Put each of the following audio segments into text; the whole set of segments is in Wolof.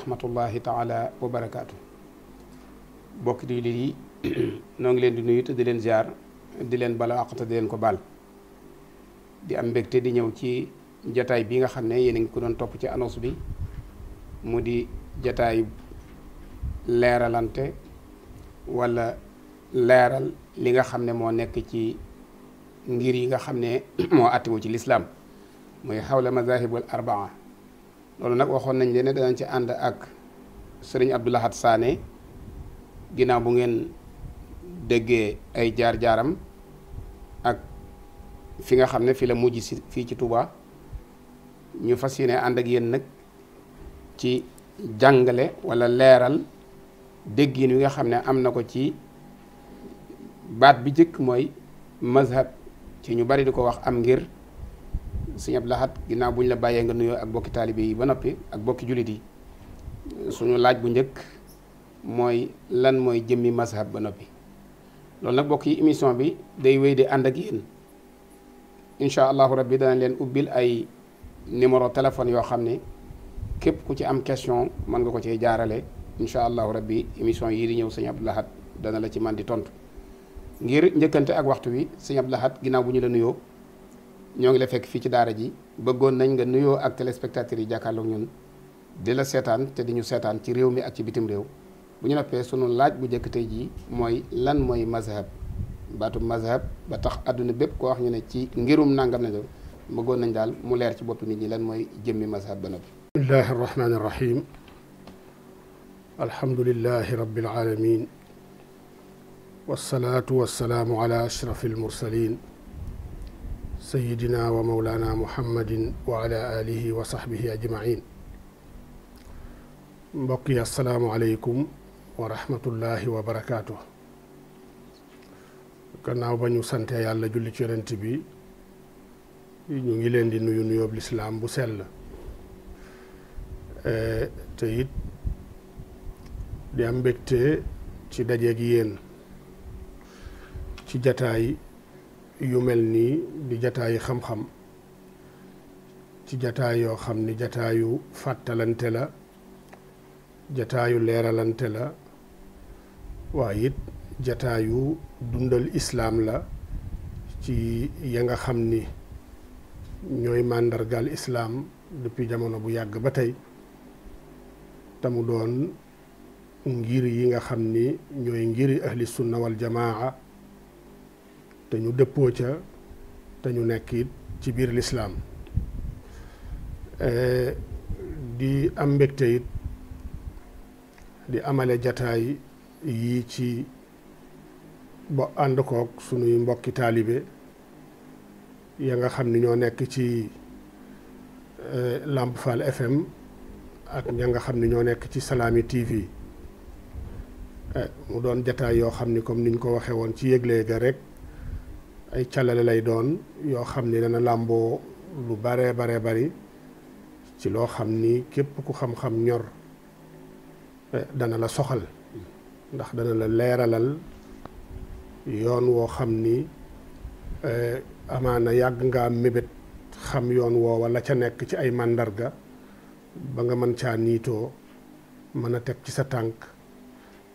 rahmatullahi taala wa barakaatu bokki di li yi noo ngi leen di nuyu te di leen ziar di leen bala di leen ko baal di am mbégte di ñëw ci jataay bi nga xam ne yéen a ngi ko doon topp ci annonce bi mu di jataay leeralante wala leeral li nga xam ne moo nekk ci ngir yi nga xam ne moo attiwu ci lislaam muy xawla mazahibul arbaa loolu nag waxoon nañ leen ne danañ ci ànd ak sëriñ Abdou Lahad Sané ginnaaw bu ngeen déggee ay jaar-jaaram ak fi nga xam ne fii la mujj si fii ci Touba ñu fas yéene ànd ak yéen nag ci jàngale walla leeral déggin wi nga xam ne am na ko ci baat bi jëkk mooy mazhab ci ñu bari di ko wax am ngir sëñ Abdou ginnaaw bu ñu la bàyyee nga nuyoo ak bokki taalibe yi ba noppi ak bokki jullit yi suñu laaj bu njëkk mooy lan mooy jëmmi mazhab ba noppi loolu nag bokk yi émission bi day wéy di ànd ak yéen incha allahu rabbi danañ leen ubbil ay numéro téléphone yoo xam ne képp ku ci am question mën nga ko cee jaarale incha allahu rabbi émission yii di ñëw sëñ Abdou dana la ci man di tontu ngir njëkkante ak waxtu wi sëñ Abdou ginnaaw bu ñu la nuyoo ñoo ngi la fekk fii ci daara ji bëggoon nañ nga nuyoo ak téléspectateurs yi jàkkaarloog ñun di la seetaan te di ñu seetaan ci réew mi ak ci bitim réew bu ñu noppee sunu laaj bu njëkk tey jii mooy lan mooy mazhab baatu mazhab ba tax àdduna bépp ko wax ñu ne ci ngirum nàngam na bëggoon nañ daal mu leer ci boppu nit ñi lan mooy jëmmi mazhab ba noppi bismillahi arrahmani arrahim alhamdulilahi rabbil alamin wasalaatu wasalaamu ala sayidina wa maulana muhammadin wa ala alihi wa sahbihi ajmain mbokk yi assalaamu aleykum wa rahmatullahi wa barakaatu gannaaw ba ñu sante yàlla julli ci bi ñu ngi leen di nuyu nuyoob lislaam bu sell eh, te it di am mbégte ci dajeeg yéen ci jataay yu mel nii di jataayu xam-xam ci jataay yoo xam ni jataayu fàttalante la jataayu leeralante la waaye jataayu dundal islaam la ci ya nga xam ni ñooy màndargaal islaam depuis jamono bu yàgg ba tey te mu doon ngir yi nga xam ni ñooy ngiri ahli sunna wal te ñu dëppoo ca te ñu nekk it ci biir lislaam eh, di am mbégte it di amale jataay yii ci ba ànd kook sunuy mbokki taalibe ya nga xam ni ñoo nekk ci eh, Lamp Fall FM ak ña nga xam ni ñoo nekk ci Salaami TV eh, mu doon jataay yoo xam ni comme niñ ko waxee woon ci yëgle ga rek ay calale lay doon yoo xam ni dana làmboo lu baree baree bari ci loo xam ni képp ku xam-xam ñor eh, dana la soxal ndax dana la leeralal yoon woo xam ni eh, amaana yàgg nga mébét xam yoon woowa la ca nekk ci ay màndarga ba nga mën caa niitoo mën a teg ci sa tànk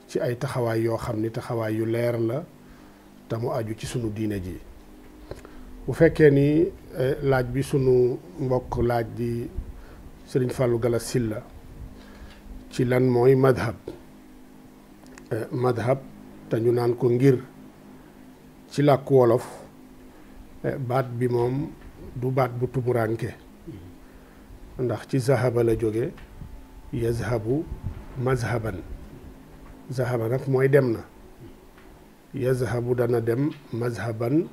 ci ay taxawaay yoo xam ni taxawaay yu leer la te aju ci sunu diine ji bu fekkee ni eh, laaj bi sunu mbokk laaj di Sëriñ Fallou Gala Silla ci lan mooy madhab eh, madhab te ñu naan ko ngir ci làkk wolof eh, baat bi moom du baat bu tumuraanke ndax ci zahaba la jóge yazhabu mazhaban zahaba nag mooy dem na yazhabu dana dem mazhaban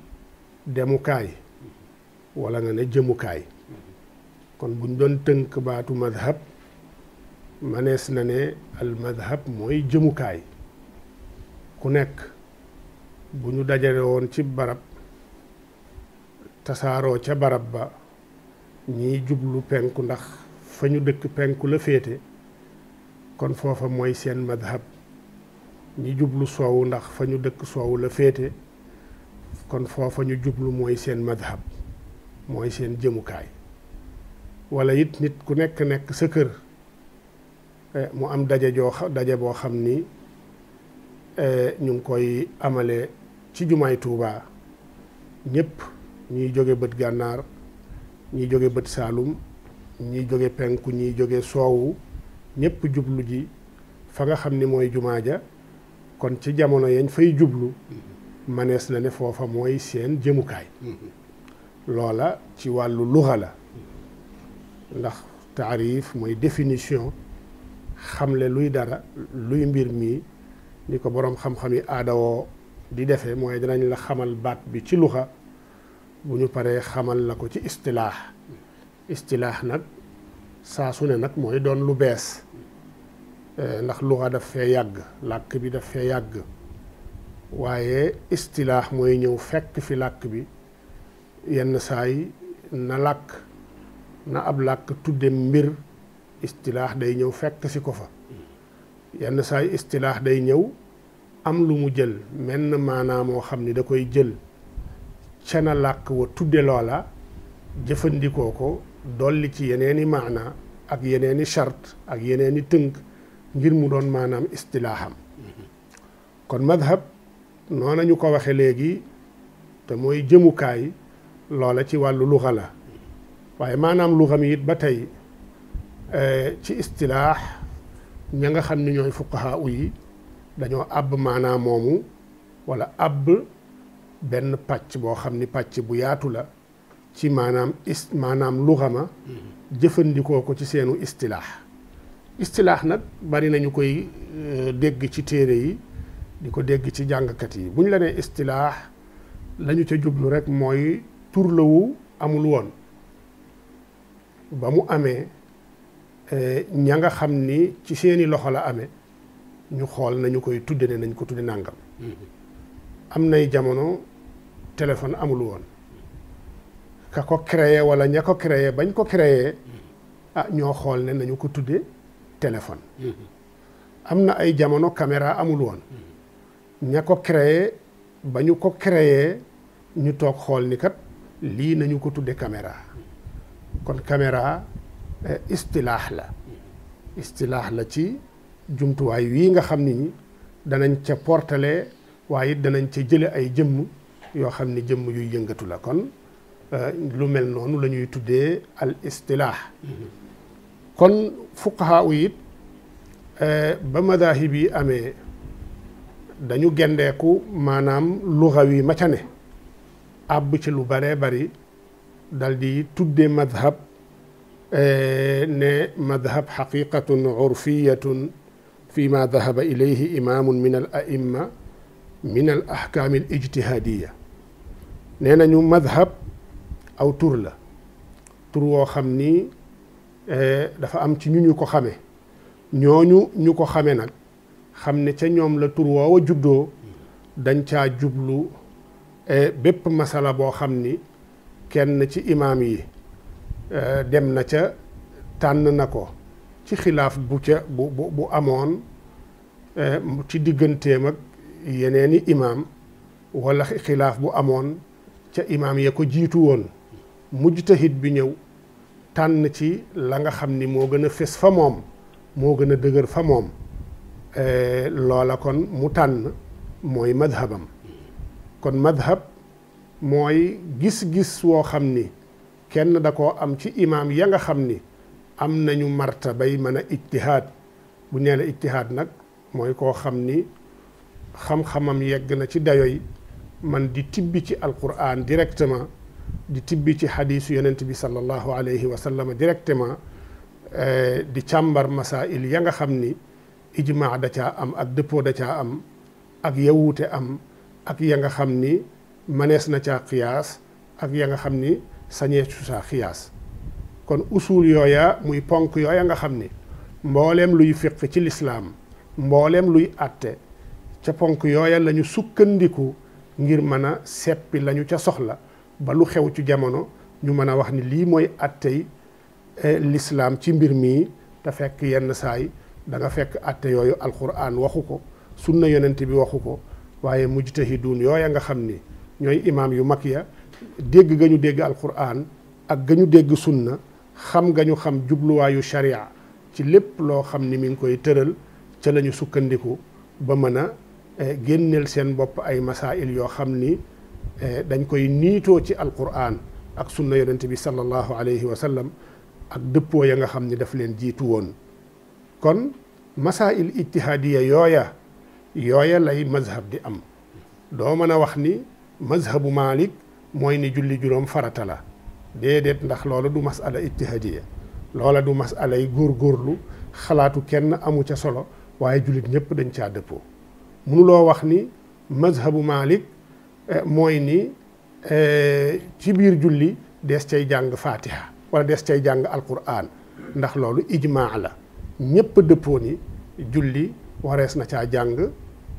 demukaay wala nga ne jëmukaay kon buñ doon tënk baatu mazhab manees na ne al mazhab mooy jëmukaay ku nekk bu ñu dajale woon ci barab tasaaroo ca barab ba ñiy jublu penku ndax fa ñu dëkk penku la féete kon foofa mooy seen madhab ñi jublu soowu ndax fa ñu dëkk soowu la féete kon foofa ñu jublu mooy seen madhab mooy seen jëmukaay wala it nit ku nekk nekk sa kër eh, mu am daje joo daje boo xam ni eh, ñu ngi koy amale ci jumaay Tuubaa ñëpp ñuy jóge bët gànnaar ñiy jóge bët saalum ñuy jóge penku ñuy jóge soowu ñëpp jublu ji fa nga xam ni mooy jumaa ja kon ci jamono yañ fay jublu manees na ne foofa mooy seen jëmukaay loola ci wàllu luxa la ndax taarif mooy définition xamle luy dara luy mbir mii ni ko boroom xam-xam yi aadawoo di defe mooy danañ la xamal baat bi ci luxa bu ñu paree xamal la ko ci istilaax istilaax nag saa su ne nag mooy doon lu bees Eh, ndax luxa daf fee yàgg làkk bi daf fee yàgg waaye istilaax mooy ñëw fekk fi làkk bi yenn saay na làkk na ab làkk tudde mbir istilaax day ñëw fekk si ko fa yenn saay yi istilaax day ñëw am lu mu jël menn maanaa moo xam ni da koy jël ca na làkk wa tudde loola jëfandikoo ko dolli ci yeneeni maanaa ak yeneeni charte ak yeneeni tënk ngir mu doon maanaam istilaaxam kon madhab noona ñu ko waxe léegi te mooy jëmukaay loola ci wàllu luxa la waaye maanaam luxa mi it ba tey eh, ci istilaax ña nga xam ni ñooy fuqahaa yi dañoo àbb maanaam moomu wala àbb benn pàcc boo xam ni pàcc bu yaatu la ci maanaam is maanaam luxa mm-hmm. jëfandikoo ko ci seenu istilaax istilaax nag bari nañu koy euh, dégg ci téere yi di ko dégg ci jàngkat yi bu ñu la nee istilaax la ca jublu rek mooy turlawu amul woon ba mu amee euh, ña nga xam ni ci seeni loxo la ame ñu xool nañu koy tudde ne nañ ko tudde nàngam mm-hmm. am nay jamono téléphone amul woon ka ko créé wala ña ko créé bañ ko créé mm-hmm. ah ñoo xool ne nañu ko tudde téléphone. am na ay jamono caméra amul woon. ña ko créé ba ñu ko créé ñu toog xool ni kat lii nañu ko tuddee caméra kon caméra eh, istilaax la istilaax la ci jumtuwaay wii nga xam ni danañ ca portale waaye danañ ca jële ay jëmm yoo xam ni jëmm yuy yëngatu la kon eh, lu mel noonu lañuy tuddee al istilaax kon fuqaha u it eh, ba madahib amee dañu gendeeku maanaam luxa wi ma ca ne àbb ci lu baree bari dal di tudde madhab eh, ne madhab xaqiqatun urfiyatun fi ma dahaba ilayhi imaamun min al aimma min al ahkaami nee nañu madhab aw tur la tur woo xam ni Eh, dafa am ci ñu ñu ko xame ñooñu ñu ko xamee nag xam ne ca ñoom la tur woowa juddoo dañ caa jublu eh, bépp masala boo xam ni kenn ci imaam yi eh, dem na ca tànn na ko ci xilaaf bu ca bu bu amoon ci digganteem ak yeneeni imaam wala xilaaf bu amoon ca imaam ya ko jiitu woon mujj mujtahid bi ñëw tànn ci la nga xam ni moo gën a fés fa moom moo gën a dëgër fa moom eh, loola kon mu tànn mooy madhabam kon madhab mooy gis-gis woo xam ni kenn da koo am ci imaam ya nga xam ni am nañu marta bay mën a ijtihaad bu nee na ijtihaad nag mooy koo xam ni xam-xamam yegg na ci dayoy man di tibb ci alquran directement di tibbi ci xadiisu yenent bi sallallahu alayhi wa sallam directement eh, di càmbar masail ya nga xam ni ijmaa da caa am ak dëppoo da caa am ak yawute am ak ya nga xam ni manees na caa xiyaas ak ya nga xam ni sañee su saa xiyaas kon usul yooya muy ponk yooya nga xam ni mbooleem luy fiq ci lislaam mbooleem luy àtte ca ponk yooya lañu sukkandiku ngir mën a seppi lañu ca soxla ba lu xew ci jamono ñu mën a wax ni lii mooy attey eh, lislaam ci mbir mii te fekk yenn saay danga fekk atte yooyu alquran waxu ko sunna yonent bi waxu ko waaye mujtahiduun yooya nga xam ni ñooy imaam yu mag ya dégg ga ñu dégg alquran ak ga ñu dégg sunna xam nga ñu xam jubluwaayu sharia ci lépp loo xam ni mi ngi koy tëral ca lañu sukkandiku ba mën a eh, génneel seen bopp ay masail yoo xam ni Eh, dañ koy niitoo ci alquran ak sunna yonent bi sallallahu alayhi wa ak dëppoo ya nga xam ni daf leen jiitu woon kon masail ijtihaadiya yooya yooya lay mazhab di am doo mën a wax ni mazhabu Malik mooy ni julli juróom farata la déedéet ndax loola du masala ijtihaadiya loola du masala góor góorlu xalaatu kenn amu ca solo waaye jullit ñëpp dañ caa dëppoo mënuloo wax ni mazhabu Malik Eh, mooy ni eh, ci biir julli dees cay jàng fatiha wala dees cay jàng alquran ndax loolu ijmaa la ñépp dëppoo ni julli warees na caa jàng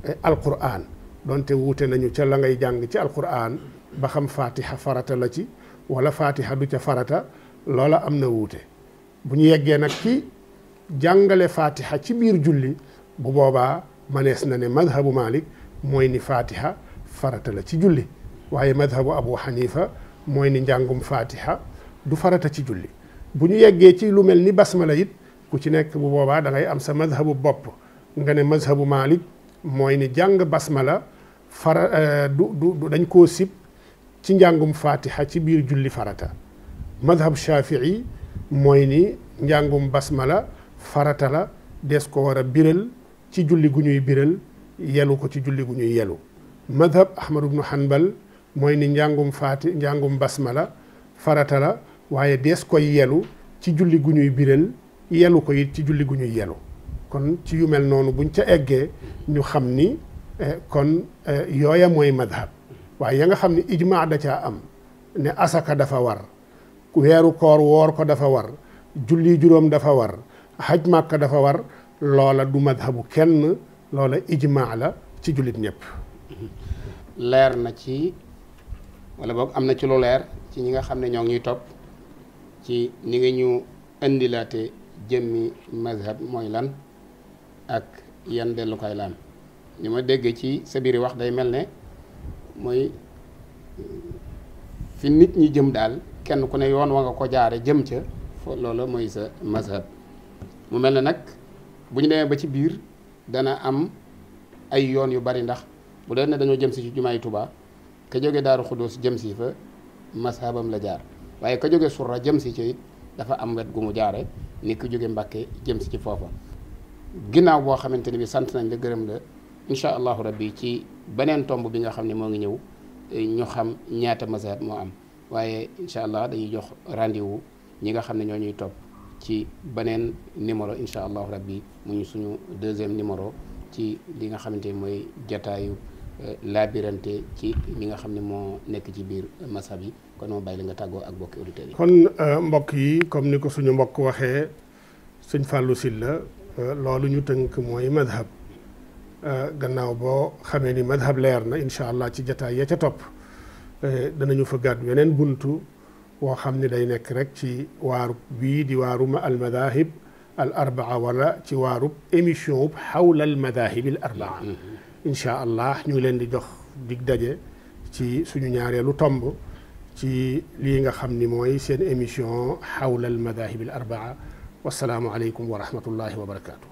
eh, alquran donte wuute nañu ca la ngay jàng ci alquran ba xam fatiha farata la ci wala fatiha du ca farata loola am na wuute bu ñu yeggee nag ci jàngale fatiha ci biir julli bu boobaa manees na ne madhabu malik mooy ni fatiha farata la ci julli waaye madhabu abu xanifa mooy ni njàngum fatiha du farata ci julli bu ñu yeggee ci lu mel ni basmala it ku ci nekk bu boobaa dangay am sa madhabu bopp nga ne madhabu malik mooy ni jàng basmala fara eh, du du dañ koo njàngum fatiha ci biir julli farata madhab shafii mooy ni basmala farata la des ko war biral ci julli gu ñuy biral yelu ko ci julli gu ñuy yelu madhab ahmad ibnu hanbal mooy ni njàngum faati njàngum basma la farata la waaye dees koy yelu ci julli gu ñuy biral yelu ko it ci julli gu ñuy yelu kon ci yu mel noonu buñ ca eggee ñu xam ni eh, kon eh, yooya mooy madhab waaye ya nga xam ni ijmaa da caa am ne asaka dafa war weeru koor woor ko dafa war julli juróom dafa war haj màkka dafa war loola du madhabu kenn loola ijmaa la ci jullit ñëpp leer na ci walla boog am na ci lu leer ci ñi nga xam ne ñoo ngi ñuy topp ci ni nga ñu indilaate jëmmi mazhab mooy lan ak yan dellukaay laan ñu ma dégg ci sa biir wax day mel ne mooy euh, fi nit ñi jëm daal kenn ku ne yoon wa nga ko jaare jëm ca fo loola mooy sa mazhab mu mel ne nag bu ñu demee ba ci biir dana am ay yoon yu bari ndax bu doon ne dañoo jëm si ci jumaay Tuubaa ka jóge Daaru Xuddoos jëm si fa masaabam la jaar waaye ka jóge surra jëm si ci it dafa am wet gu mu jaare ni ku jóge Mbàkke jëm si ci foofa ginnaaw boo xamante ni bi sant nañ la gërëm la incha allahu rabbi ci beneen tomb bi nga xam ne moo ngi ñëw ñu xam ñaata mazhab moo am waaye incha allah dañuy jox rendez-vous ñi nga xam ne ñoo ñuy topp ci beneen numéro incha allahu rabbi mu suñu deuxième numéro ci li nga xamante ni mooy jataayu laa euh, laabirante ci ñi nga xam ne moo nekk ci biir masa bi kon moo bàyyi la nga tàggoo ak bokki auditeurs kon euh, mbokk yi comme ni ko suñu mbokk waxee suñ fàllu sil la euh, loolu ñu tënk mooy madhab gannaaw boo xamee ni madhab leer na incha allah ci jataay ya ca topp danañu fëggaat yeneen buntu woo xam ne day nekk rek ci waaru bii di waaruma al madahib al arbaa wala ci waarub émission xawla al madahib al arbaa mm-hmm. incha allah ñu ngi leen di jox dig daje ci suñu ñaareelu tomb ci lii nga xam ni mooy seen émission xawla al madahib al arbaa wasalaamu aleykum wa rahmatullahi wa barakaatu.